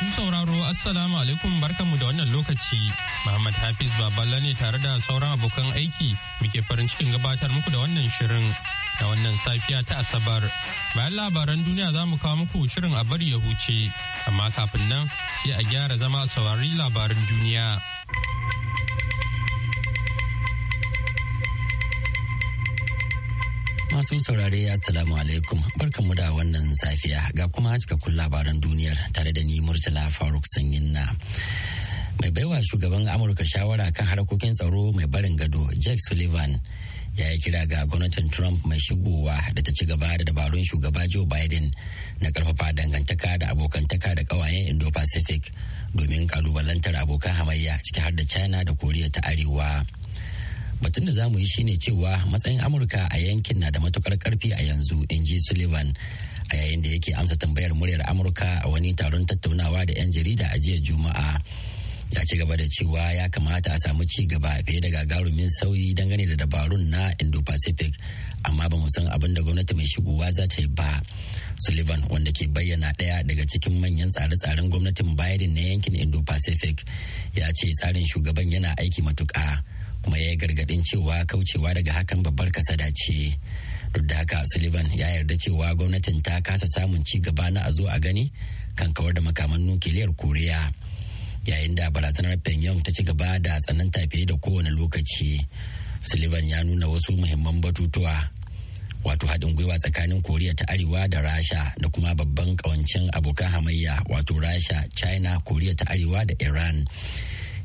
Masu sauraro Assalamu alaikum barkanmu da wannan lokaci. Muhammad Hafiz Baballa ne tare da sauran abokan aiki muke farin cikin gabatar muku da wannan shirin da wannan safiya ta Asabar. Bayan labaran duniya za mu kawo muku shirin a bari ya huce, amma kafin nan sai a gyara zama saurari labarin duniya. Masu saurare Assalamu alaikum mu da wannan safiya ga kuma cikakkun labaran duniyar tare da ni Murtala Faruk Sanyin na. Mai baiwa shugaban Amurka shawara kan harkokin tsaro mai barin gado Jack Sullivan ya yi kira ga gwamnatin Trump mai shigowa da ta ci gaba da dabarun shugaba Joe Biden na karfafa dangantaka da abokantaka da kawayen Indo-Pacific domin kalubalantar abokan hamayya ciki har da China da Koriya ta Arewa. batun da za mu yi shine cewa matsayin amurka a yankin na da matukar karfi a yanzu in ji sullivan a yayin da yake amsa tambayar muryar amurka a wani taron tattaunawa da 'yan jarida a jiya juma'a ya ci gaba da cewa ya kamata a samu ci gaba fiye da gagarumin sauyi dangane da dabarun na indo-pacific amma ba mu san abin da gwamnati mai shigowa za ta yi ba sullivan wanda ke bayyana ɗaya daga cikin manyan tsare-tsaren gwamnatin biden na yankin indo-pacific ya ce tsarin shugaban yana aiki matuƙa kuma ya yi gargadin cewa kaucewa daga hakan babbar kasada ce duk da haka sullivan ya yarda cewa gwamnatin ta kasa samun ci gaba na a zo a gani kan kawar da makaman nukiliyar koriya yayin da barazanar pyongyang ta ci gaba da tsananta fiye da kowane lokaci sullivan ya nuna wasu muhimman batutuwa wato haɗin gwiwa tsakanin koriya ta arewa da rasha da kuma babban ƙawancin abokan hamayya wato rasha china koriya ta arewa da iran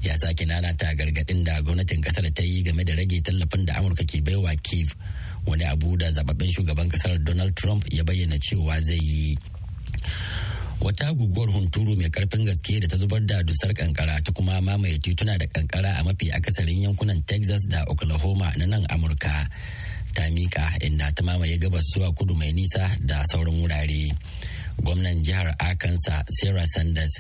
ya sake nanata gargaɗin da gwamnatin kasar ta yi game da rage tallafin da amurka ke baiwa kiev wani abu da zababben shugaban kasar donald trump ya bayyana cewa zai yi wata guguwar hunturu mai karfin gaske da ta zubar da dusar kankara ta kuma mamaye tituna da kankara a mafi akasarin yankunan texas da oklahoma na nan amurka ta mika inda ta mamaye gabas zuwa kudu mai nisa da sauran wurare. gwamnan jihar arkansas sarah sanders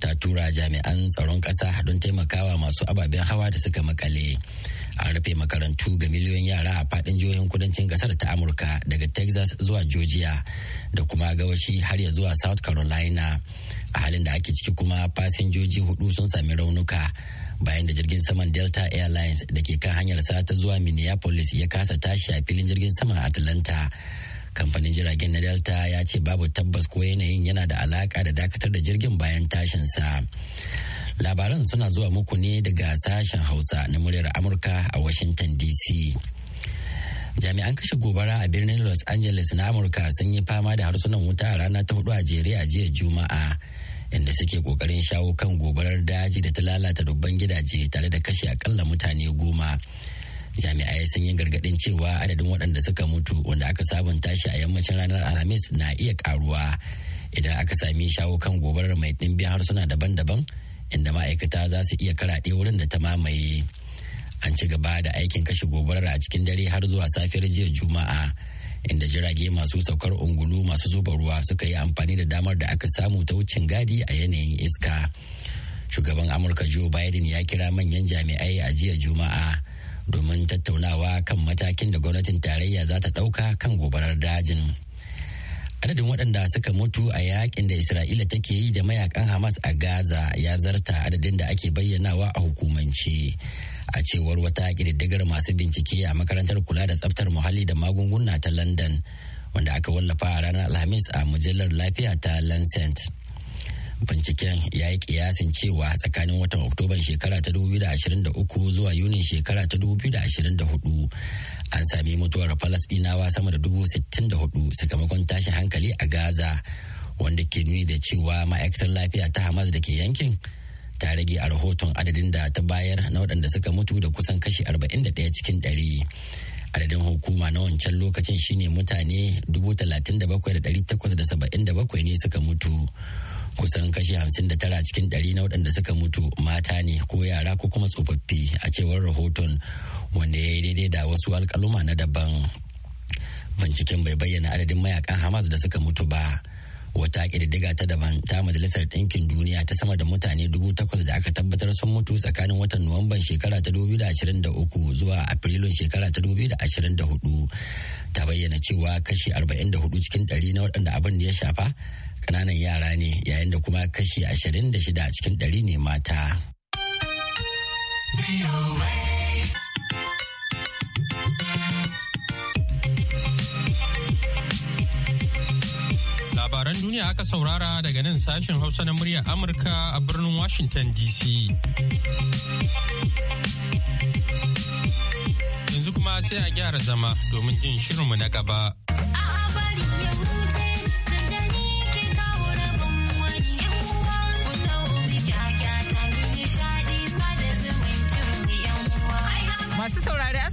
ta tura jami'an tsaron kasa don taimakawa masu ababen hawa da suka makale an rufe makarantu ga miliyoyin yara a fadin jihohin kudancin kasar ta amurka daga texas zuwa georgia da kuma gawashi har ya zuwa south carolina a halin da ake ciki kuma fasinjoji hudu sun sami raunuka bayan da jirgin saman delta airlines da ke kan hanyar sa ta zuwa minneapolis ya kasa tashi a filin jirgin saman atlanta kamfanin jiragen na delta ya ce babu tabbas ko yanayin yana da alaka da dakatar da jirgin bayan tashinsa labaran suna zuwa muku ne daga sashen hausa na muryar amurka a washington dc jami'an kashe gobara a birnin los angeles na amurka sun yi fama da harsunan wuta a rana ta hudu a jere a jiya juma'a inda suke kokarin shawo kan gobarar daji da ta lalata dubban gidaje tare da kashe akalla mutane goma jami'ai sun yi gargadin cewa adadin waɗanda suka mutu wanda aka sabunta shi a yammacin ranar alhamis na iya karuwa idan aka sami shawo kan gobarar mai ɗimbin harsuna daban-daban inda ma'aikata za su iya karaɗe wurin da ta mamaye an ci gaba da aikin kashe gobarar a cikin dare har zuwa safiyar jiya juma'a inda jirage masu saukar ungulu masu zuba ruwa suka yi amfani da damar da aka samu ta wucin gadi a yanayin iska shugaban amurka joe biden ya kira manyan jami'ai a jiya juma'a domin tattaunawa kan matakin da gwamnatin tarayya za ta ɗauka kan gobarar dajin. Adadin waɗanda suka mutu a yakin da Isra'ila take yi da mayakan Hamas a Gaza ya zarta adadin da ake bayyanawa a hukumance. A cewar wata ƙididdigar masu bincike a makarantar kula da tsaftar muhalli da magunguna ta London, wanda aka wallafa a ranar Alhamis a mujallar lafiya ta Lancet. binciken ya yi kiyasin cewa tsakanin watan oktoban shekara ta 2023 zuwa yunin shekara ta 2024 an sami mutuwar falasdinawa sama da 64 sakamakon tashin hankali a gaza wanda ke nuni da cewa ma'aikatar lafiya ta hamas da ke yankin ta rage a rahoton adadin da ta bayar na waɗanda suka mutu da kusan kashi 41 cikin 100 adadin hukuma na wancan lokacin shine mutane 37,877 ne suka mutu kusan kashi hamsin da tara cikin ɗari na waɗanda suka mutu mata ne ko yara ko kuma tsofaffi a cewar rahoton wanda ya yi daidai da wasu alkaluma na daban binciken bai bayyana adadin mayakan hamas da suka mutu ba wata ƙididdiga ta daban ta majalisar ɗinkin duniya ta sama da mutane dubu takwas da aka tabbatar sun mutu tsakanin watan nuwamban shekara ta 2023 zuwa afrilun shekara ta 2024 ta bayyana cewa kashi 44 cikin ɗari na waɗanda abin da ya shafa Kananan yara ne yayin da kuma kashi 26 a cikin ɗari ne mata. Labaran duniya aka saurara daga nan sashen Hausa na muryar Amurka a birnin Washington DC. Yanzu kuma sai a gyara zama domin jin shirinmu na gaba.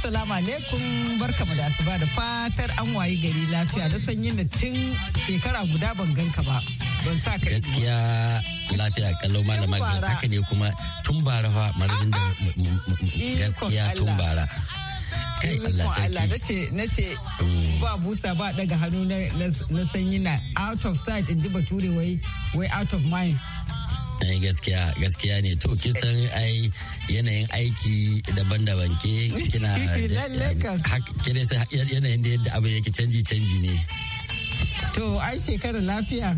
Assalamu alaikum barkamu da asuba da fatar an wayi gari lafiya da sanyin da tun shekara guda ban ganka ba. Ban sa ka Gaskiya lafiya kallo malama ban saka ne kuma tun bara fa marabin da gaskiya tun bara. kai Allah sarki na ce mm. ba busa ba daga hannu na sanyi na out of sight in ji bature wai wai out of mind eh gaskiya gaskiya ne to kin san ai yanayin aiki daban-daban ke kina kina yanayin da yadda abu yake canji canji ne to ai shekarar lafiya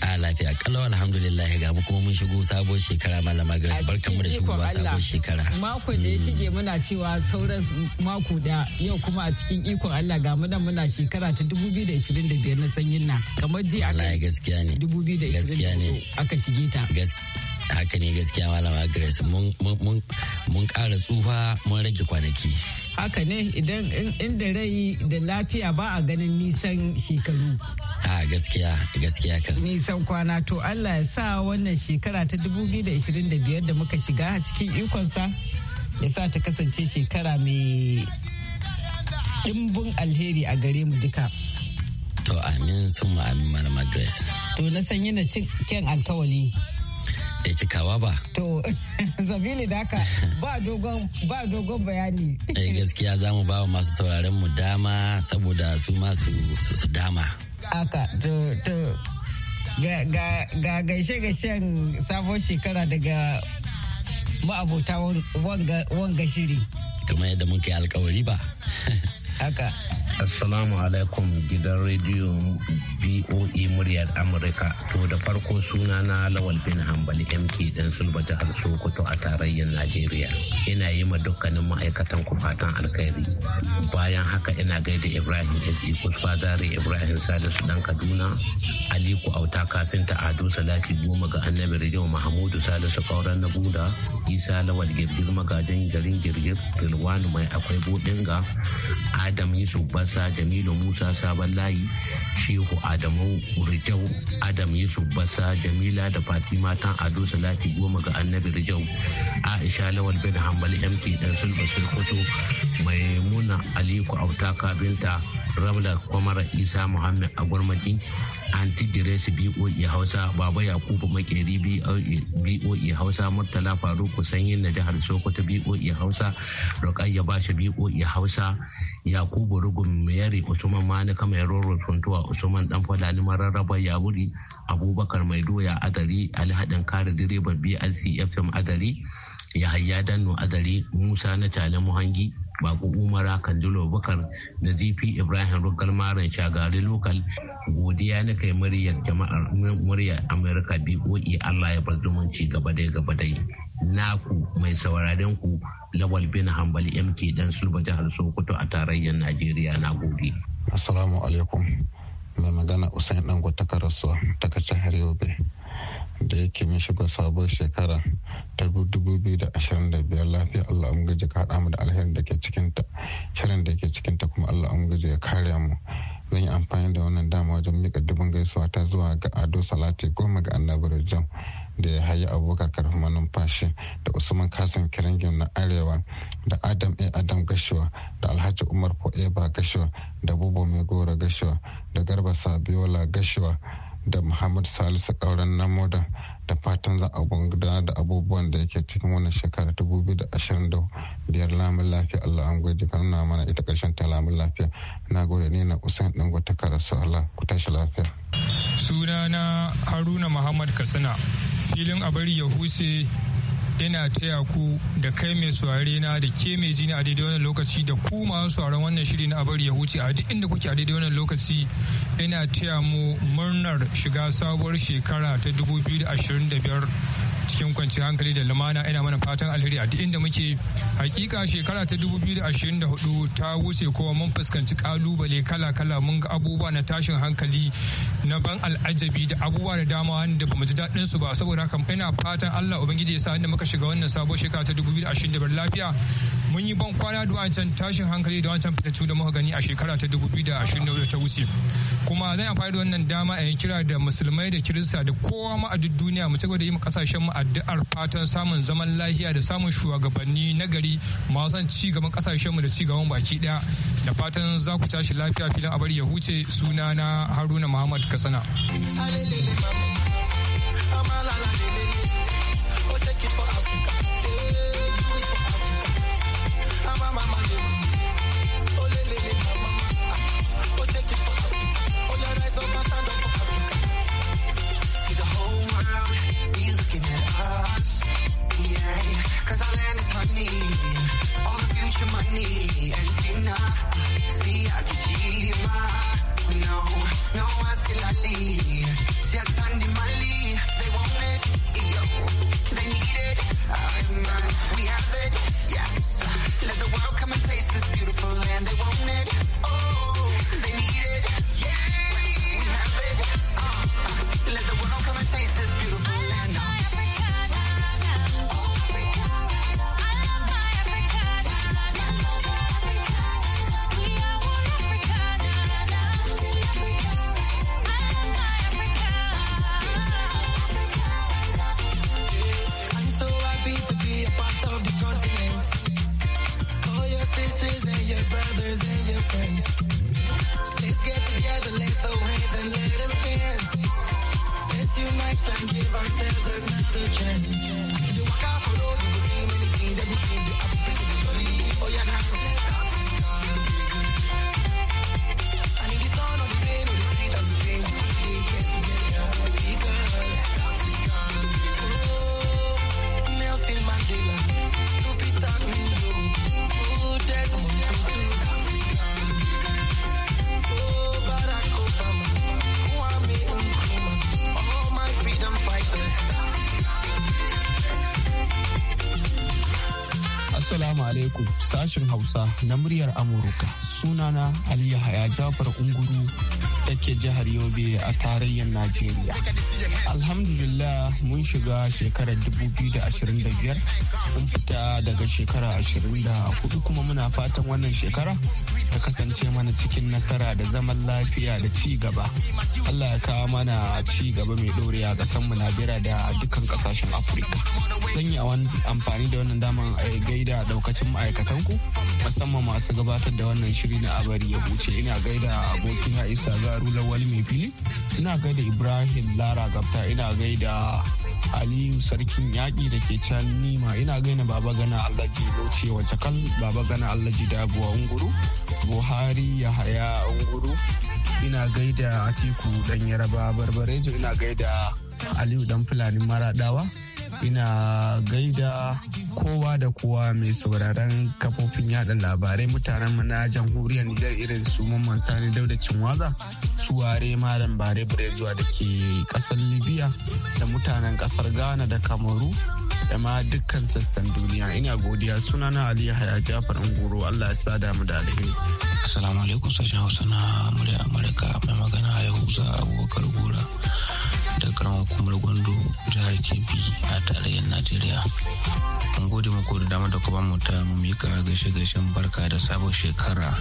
A lafiya kalau alhamdulillah ga mu kuma mun shigo sabuwar shekara malama Grace barkan mu da shigo sabo shekara. Mako da ya hmm. shige muna cewa sauran mako da yau kuma a cikin ikon Allah ga da muna shekara ta 2025 na sanyin na kamar ji a kai gaskiya ne 2024 aka shige ta. Haka ne gaskiya malama Grace mun mun mun ƙara tsufa mun rage kwanaki. haka ne idan inda rai da lafiya ba a ganin nisan shekaru a gaskiya gaskiya kan nisan kwana to allah ya sa wannan shekara ta 2025 da muka shiga cikin ikonsa ya sa ta kasance shekara mai dimbin alheri a gare mu duka to amin sun amin mana madras to na sanyi na cin alkawali da cikawa ba. To, zabili haka ba dogon ba dogon bayani. Eh gaskiya za mu ba wa masu sauraron mu dama saboda su masu su dama. Aka to to ga gaishe gaishen sabon shekara daga ma'abota wanga shiri. Kamar yadda muka yi alkawari ba. haka Assalamu alaikum gidan rediyo BOE muryar Amurka. To da farko suna na Lawal bin Hambali MK dan Sulba jihar Sokoto a tarayyar Najeriya. Ina yi ma dukkanin ma'aikatan ku fatan alkhairi. Bayan haka ina gaida Ibrahim SD Kusfadare Ibrahim Salisu dan Kaduna, Aliku Auta kafin ta Ado Salati Goma ga Annabi Rediyo Mahamudu Salisu Kauran Nabuda. Isa Lawal Girgir Magajin Garin Girgir, Bilwanu Mai Akwai Budinga, adam yusuf basa jamilu musa sabon layi shehu adamu rijau adam yusuf basa jamila da fatima tan ado salati goma ga annabi rijau aisha lawal bin hambal MT dan sulba Sulkoto, maimuna aliku auta kafinta rabla kwamara isa muhammad agwarmaki antidires boe hausa baba yakubu makeri boe e hausa murtala faruku sanyi na jihar sokoto boe hausa ya bashi boe hausa yakubu rugun mayari usman kama mai roro tuntuwa usman dan fulani mararraba yaburi abubakar mai doya adari alhadin kare direba brc fm adari yahaya a azare musa na tale muhangi baku umara kandilo bukar nazifi ibrahim rugal maran shagari lokal godiya na kai muryar jama'ar muryar amurka boe allah ya bar zumunci gaba dai gaba dai naku mai sauraren ku lawal bin hanbal mk dan sulba jihar sokoto a tarayyar najeriya na gobe assalamu alaikum mai magana usain dangote ta karasuwa ta har yobe da yake mun shiga sabon shekara ta 2025 lafiya Allah an gaji ka haɗa mu da alherin da ke cikinta shirin da ke cikinta kuma Allah an gaji ya kare mu zan yi amfani da wannan dama wajen miƙa dubin gaisuwa ta zuwa ga ado salati goma ga annabar jam da ya hayi abokar karfin manumfashi da usman kasan kirangin na arewa da adam a adam gashiwa da alhaji umar eba gashiwa da bubo mai gora gashiwa da garba sabiola gashiwa da muhammad salisu kauran na modan da fatan zan a gudanar da abubuwan da yake cikin wannan shekara da da ashirin biyar lamun lafiya allah an gwaji ka nuna mana ita karshen ta lamun lafiya na gode ne na usain dango kara karasu allah ku tashi lafiya sunana haruna muhammad katsina filin a bari ya huse ina taya ku da kai mai saurare na da ke mai jini a daidai wannan lokaci da ku masu sauraron wannan shiri na abar ya huce a duk inda kuke a daidai wannan lokaci ina taya mu murnar shiga sabuwar shekara ta 2025 cikin kwanciyar hankali da lumana ina mana fatan alheri a duk inda muke hakika shekara ta 2024 ta wuce kowa mun fuskanci kalubale kala-kala mun ga abubuwa na tashin hankali na ban al'ajabi da abubuwa da dama wanda mu ji daɗin su ba saboda haka ina fatan Allah ubangiji ya sa inda muka shiga wannan sabon shekara ta 2024 lafiya mun yi ban kwana da wancan tashin hankali da wancan fitattu da muka gani a shekara ta 2024 ta wuce kuma zan amfani da wannan dama a yin kira da musulmai da kirista da kowa ma a duk duniya mu gaba da yi mu kasashen mu addu'ar fatan samun zaman lafiya da samun shugabanni na gari masu ci gaban kasashen mu da ci gaban baki daya da fatan za ku tashi lafiya filin abar ya huce suna na haruna muhammad kasana Yeah. Cause our land is honey, all the future money. And Tina, see, I can No, no, I still I leave. See, I turned in my They want it, yo. They need it, I'm We have it, yes. Let the world come and taste this beautiful land. They want it, oh, they need it. uku sashen Hausa na muryar Amurka. Sunana Ali Yahaya Jafar Unguru da jihar Yobe a tarayyar Najeriya. Alhamdulillah mun shiga shekarar 2025 mun fita daga shekara 24 kuma muna fatan wannan shekara ta kasance mana cikin nasara da zaman lafiya da ci gaba. Allah ya kawo mana ci gaba mai ɗorewa ƙasar mu Najeriya da dukkan kasashen Afirka. Zan yi amfani da wannan daman a eh, gaida daukacin ma'aikatanku musamman masu gabatar da wannan shiri na abari ya huce ina gaida abokin Isa Gar sauraro wani mai fili ina gaida ibrahim lara gabta ina gaida aliyu sarkin yaƙi da ke can nima ina gaina baba gana allaji loce wace kal baba gana allaji dabuwa unguru buhari yahaya unguru ina gaida atiku dan yaraba barbarejo ina gaida aliyu dan fulani maradawa ina gaida kowa da kowa mai sauraron kafofin yada labarai mutanen mu na jamhuriyar Nijar irin su Mamman Sani Dauda Cinwaza, Suware Malam Bare zuwa da ke kasar Libya da mutanen kasar Ghana da Kamaru da ma dukkan sassan duniya ina godiya suna na Ali Yahaya Jafar Ungoro Allah ya sada mu da alheri. Assalamu alaikum sashen Hausa na murya Amurka mai magana ya huza Abubakar Gora da karamar hukumar gwando jihar Kebbi a tarayyar najeriya mun gode muku da dama da kuma muta mu mika gaishe gaishen barka da sabon shekara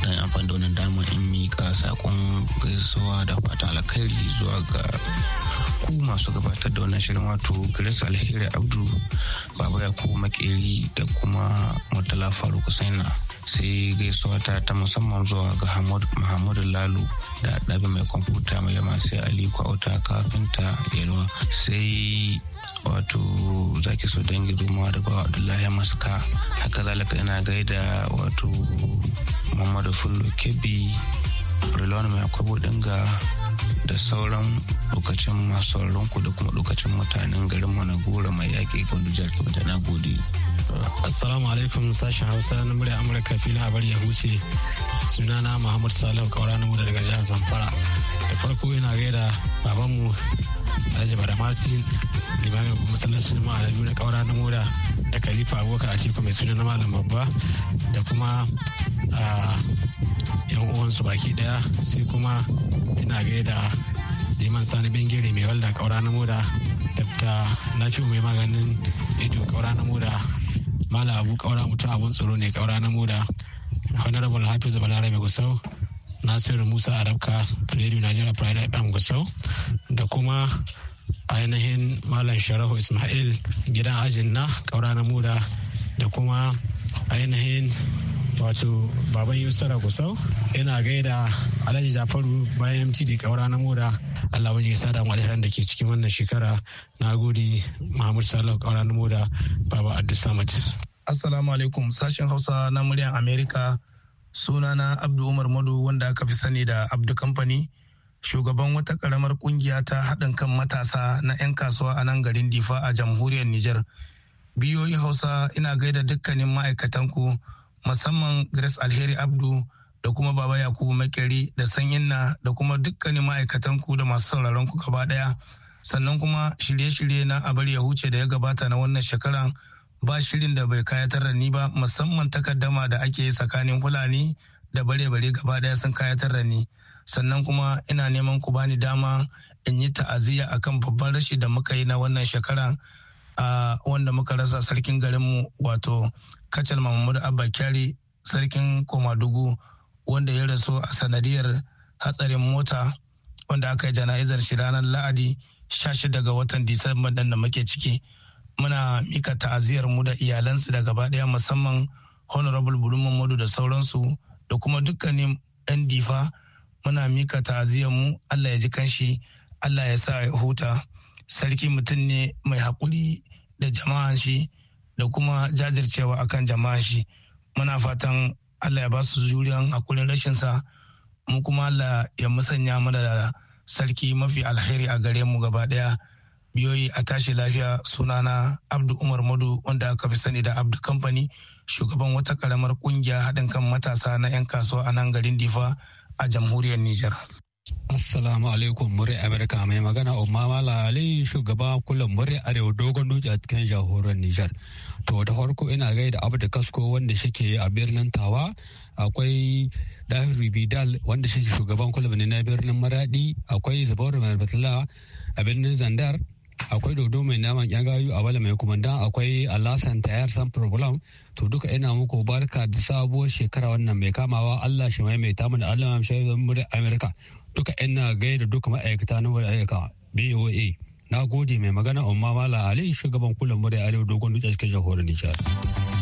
don amfani da wannan dama in mika saƙon gaisuwa da fata alkhairi zuwa ga ku masu gabatar da wannan shirin wato grace alheri abdu baba yakubu makeri da kuma murtala faruk saina sai gaisuwa ta ta musamman zuwa ga Muhammadu Lalu da ɗabi mai kwamfuta mai yama sai Ali Kwauta kafinta Yalwa sai wato zaki so dangi zuma da bawa Abdullahi Maska haka zalika ina gaida wato Muhammadu Fullo Kebbi rilon mai akwai ga. da sauran lokacin masu ku da kuma lokacin mutanen garin mu gora mai yaƙi gandu jihar da na gode. Assalamu alaikum sashen Hausa na murya Amurka fili a bari ya huce sunana Muhammad Salim Kaura na daga jihar Zamfara. Da farko yana gaida babanmu Alhaji masu limamin masallacin jama'a na biyu Kaura na Muda da Khalifa Abubakar Atiku mai suna na Malam Babba da kuma ah, yan uwansu baki daya sai kuma ina gaida liman sani bengere mai walda kaura na moda tafta na fi mai maganin ido kaura na moda mala abu kaura mutum abun tsoro ne kaura na moda honorable hafiz mai gusau nasiru musa arabka radio nigeria pride fm gusau da kuma ainihin malam Sharafu ismail gidan ajin na kaura na moda da kuma ainihin wato baban yusra gusau ina gaida alhaji jafaru bayan da kaura na mura allah wajen sada da alheran da ke cikin wannan shekara na gudi mahamud salau kaura na mura baba abdul samad assalamu alaikum sashen hausa na muryan america sunana abdu umar madu wanda aka fi sani da abdu kamfani shugaban wata karamar kungiya ta haɗin kan matasa na 'yan kasuwa a nan garin difa a jamhuriyar Nijar biyoyi hausa ina gaida dukkanin ma'aikatanku musamman Grace Alheri Abdu da kuma Baba Yakubu Makeri da Sanyinna da kuma dukkanin ma'aikatan ku da masu sauraron ku gaba daya. Sannan kuma shirye-shirye na bari ya huce da ya gabata na wannan shekaran ba shirin da bai kayatar da ni ba musamman takaddama da ake yi tsakanin Fulani da bare-bare gaba daya sun kayatar da ni. sannan kuma ina neman ku bani dama in yi ta'aziyya akan babban rashi da muka yi na wannan shekaran a wanda muka rasa sarkin garinmu wato kacal mahmud abba kyari sarkin komadugu wanda ya rasu a sanadiyar hatsarin mota wanda aka yi jana'izar shi ranar la'adi 16 ga watan disamba dan da muke ciki muna mika ta'aziyar mu da iyalansu da gaba daya musamman honorable bulumman da sauransu da kuma dukkanin yan difa muna mika ta'aziyar mu allah ya ji kanshi allah ya sa ya huta sarki mutum ne mai haƙuri da jama'an shi da kuma jajircewa akan jama'a shi muna fatan allah ya ba su juriyan hakurin rashin sa mu kuma allah ya musanya mana da sarki mafi alheri a gare mu gaba daya biyoyi a tashi lafiya sunana abdu umar madu wanda aka fi sani da abdu Company shugaban wata karamar kungiya haɗin kan matasa na 'yan kasuwa a nan garin difa a jamhuriyar niger Assalamu alaikum murya Amerika mai magana Umma Mala Ali shugaba kullum murya Arewa dogon doki a cikin jahorar Nijar. To da farko ina gaida Abu da Kasko wanda shike a birnin Tawa akwai Dahiru Bidal wanda shi shugaban kullum ne na birnin Maradi akwai Zubairu Malbatala a birnin Zandar akwai dodo mai naman yan gayu a bala mai kumanda akwai alasan tayar san program to duka ina muku barka da sabuwar shekara wannan mai kamawa allah shi mai mai tamu da allah mai shaidar amurka duka ina da duka ma'aikata na aika BOA. Na gode mai magana umma Mala Ali shugaban kullum murya Arewa dogon dutse cikin jamhuriyar Nijar.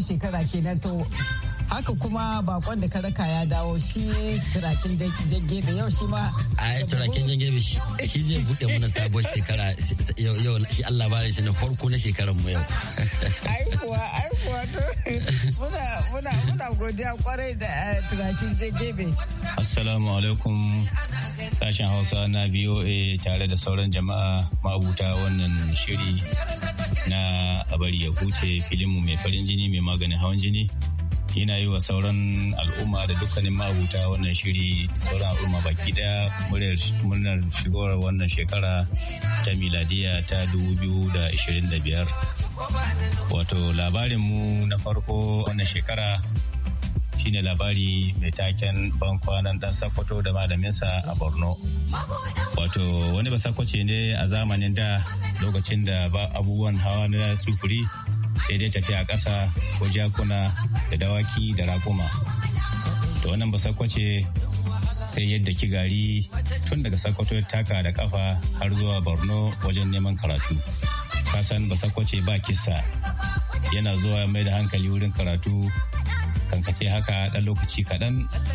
sabuwar shekara kenan to haka kuma bakon da karaka ya dawo shi turakin jangebe yau shi ma a turakin jangebe shi zai bude mana sabuwar shekara yau shi Allah bari shi na farko na shekarar mu yau aikuwa aikuwa to muna muna muna godiya kwarai da eh, turakin jangebe assalamu alaikum sashen Hausa na BOA tare da sauran jama'a mabuta wannan shiri na a bari ya huce filinmu mai farin jini mai maganin hawan jini yana yi wa sauran al'umma da dukkanin mahuta wannan shiri sauran al'umma baki daya murnar shigowar wannan shekara ta miladiya ta 2025 wato labarinmu na farko wannan shekara shine labari mai taken ban kwanan dan sakwato da malaminsa a borno wato wani ba sakwace ne a zamanin da lokacin da ba abubuwan hawa na sufuri sai dai tafiya ƙasa ko jakuna da dawaki da raƙuma da wannan ba sakwace sai yadda ki tun daga sakwato taka da kafa har zuwa borno wajen neman karatu kasan ba sakwace ba kisa yana zuwa mai da hankali wurin karatu kankace haka ɗan lokaci kaɗan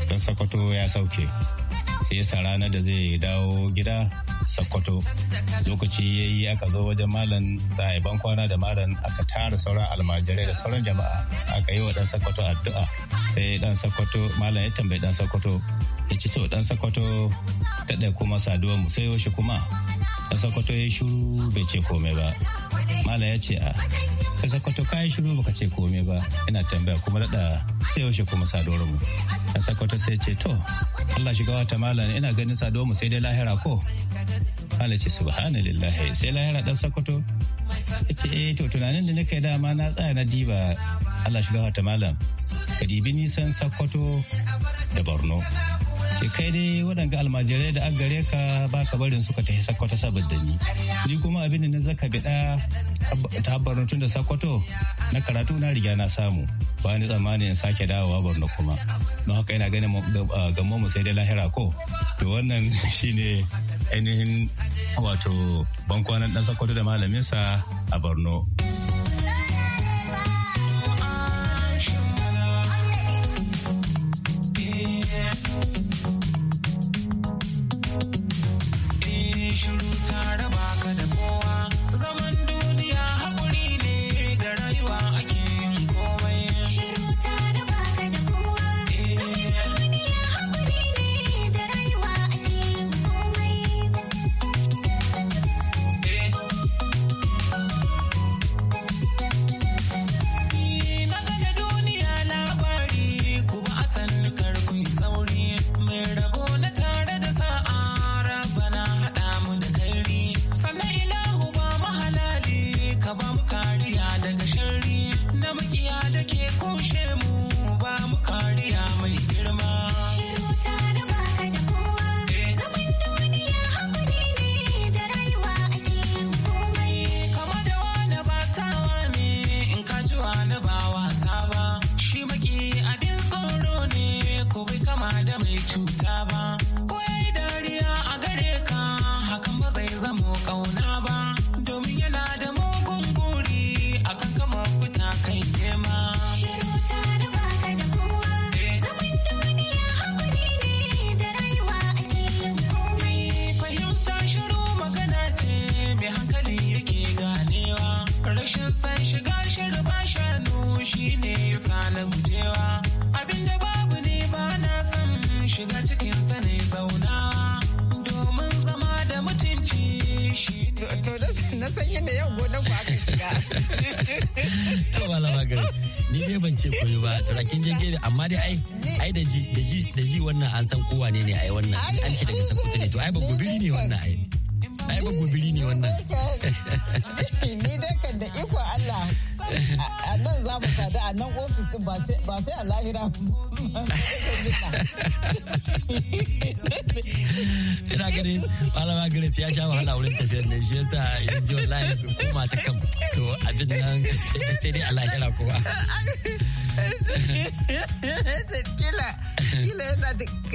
don sokoto ya sauke sai ya ranar da zai dawo gida sokoto lokaci ya yi aka zo wajen malam za a yi bankwana da malam aka tara sauran almajirai da sauran jama'a aka yi wa ɗan sokoto addu'a sai ɗan sokoto malam ya tambayi ɗan sokoto ya ci to ɗan sokoto ta ɗaya kuma saduwa mu sai yaushe kuma ɗan sokoto ya shuru bai ce komai ba malam ya ce a ka sokoto ka yi shiru baka ce komai ba ina tambaya kuma daɗa sai yaushe kuma saduwar mu a sakwata sai ce to Allah shiga wata malam ina ganin sadoro mu sai dai lahira ko Allah ce subhanallah sai lahira dan sakwato ce eh to tunanin da nake ma na tsaya na diba Allah shiga wata malam ka dibi nisan sakwato da Borno ce kai dai waɗanga almajirai da gare ka ba ka barin suka tafi sabon saboda ni ni kuma abin da na zaka biɗa ta habbarin tun da sakwato na karatu na riga na samu ba ni tsammanin sake dawowa borno kuma don haka yana ganin gamo mu sai dai lahira ko to wannan shine ainihin wato bankwanan dan sakwato da malaminsa a borno. ce koyo ba turakin jirgi amma dai ai ai da ji da ji da ji wannan an san kowa ne ne ai wannan an ce daga sakuta ne to ai ba gubiri ne wannan ai ai ba gobiri ne wannan ni dai kan da iko Allah a nan za mu sadu a nan ofis din ba sai a lahira ina ganin malama garis ya sha wahala wurin tafiyar ne shi yasa in ji wallahi kuma ta kan to abin nan sai dai a lahira kuma kila kila yana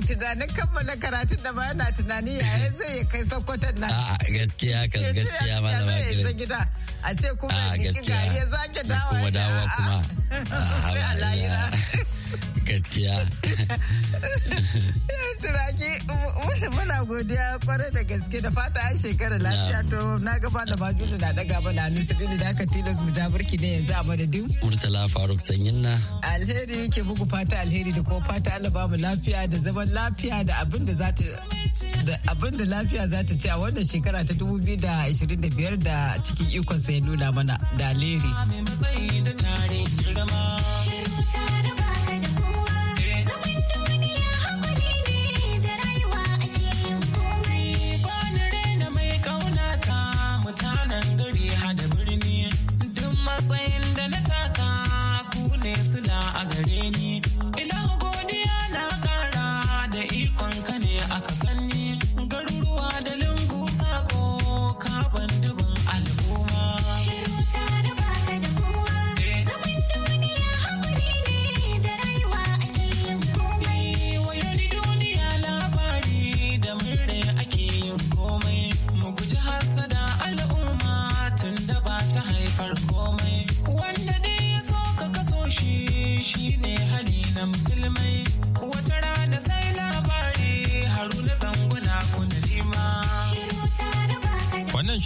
tunanin kammala karatun da ba yana tunani yaya zai kai sokoton na. A'a gaskiya kan gaskiya ma zama gida. A ce kuma ya zage dawa. Kuma dawa kuma. Sai a layira. gaskiya turaki muna godiya kwarai da gaske da fata a shekara lafiya to na gaba da bajudu na daga ba na nisa. bini da aka tilas mu ja burki ne yanzu a madadin murtala faruk sanyin na alheri yake bugu fata alheri da kuma fata allah mu lafiya da zaman lafiya da abin da za ta da abin da lafiya za ta ce a wannan shekara ta 2025 da cikin ikon sai nuna mana da alheri.